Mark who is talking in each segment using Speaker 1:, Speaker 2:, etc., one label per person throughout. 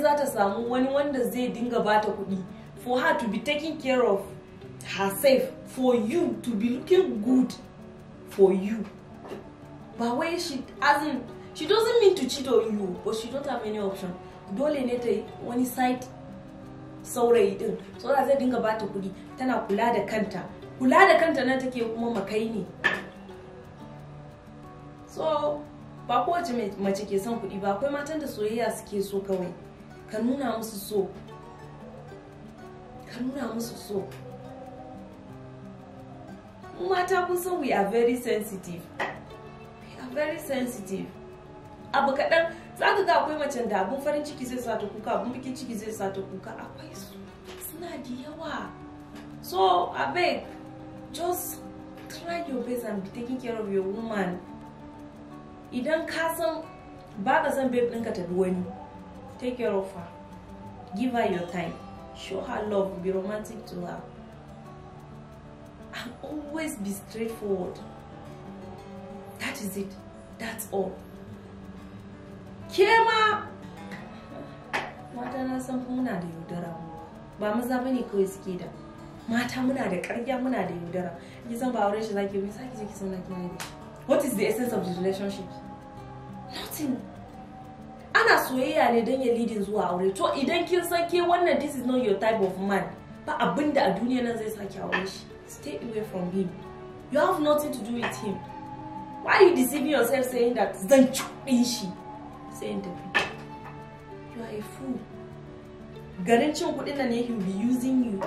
Speaker 1: za ta samu wani wanda zai dinga bata kudi for her to be taking care of herself for you to be looking good for you ba wai she hasn't she doesn't mean to cheat on you but she don't have any option dole ne ta wani side saurayi din so da zai dinga bata kudi tana kula da kanta kula da kanta nan take kuma makai ne so ba kowace mace ke son kudi ba akwai matan da soyayya suke so kawai ka nuna musu so ka nuna musu so mata kun san we are very sensitive we are very sensitive abu kaɗan za ka ga akwai macen da abun farin ciki zai sa ta kuka abun bikin ciki zai sa ta kuka akwai su suna da yawa so abeg just try your best and be taking care of your woman idan ka san ba ka san babe ɗinka ta wani Take care of her. Give her your time. Show her love. Be romantic to her. And always be straightforward. That is it. That's all. Kema! Mata na san muna da yaudara mu. Ba maza bane kawai suke da. Mata muna da ƙarya muna da yaudara. Ki san ba auren shi zaki What is the essence of the relationship? Nothing. ana soyayya ne don ya lidin zuwa aure to idan kin san ke wannan this is not your type of man ba abinda a duniya nan zai sake aure shi stay away from him you have nothing to do with him why are you deceiving yourself saying that zan cuɗin shi saying that you are a fool garin cin kuɗin nan ne he will be using you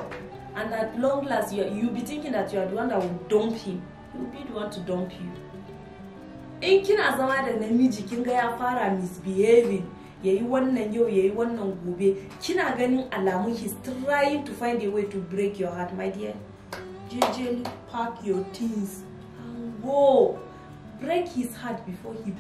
Speaker 1: and at long last you will be thinking that you are the one that will dump him he will be the one to dump you in kina zama da namiji kin ga ya fara misbehaving yayi wannan yau yayi wannan gobe kina ganin alamu he's trying to find a way to break your heart my dear jejely pack your things and go break his heart before he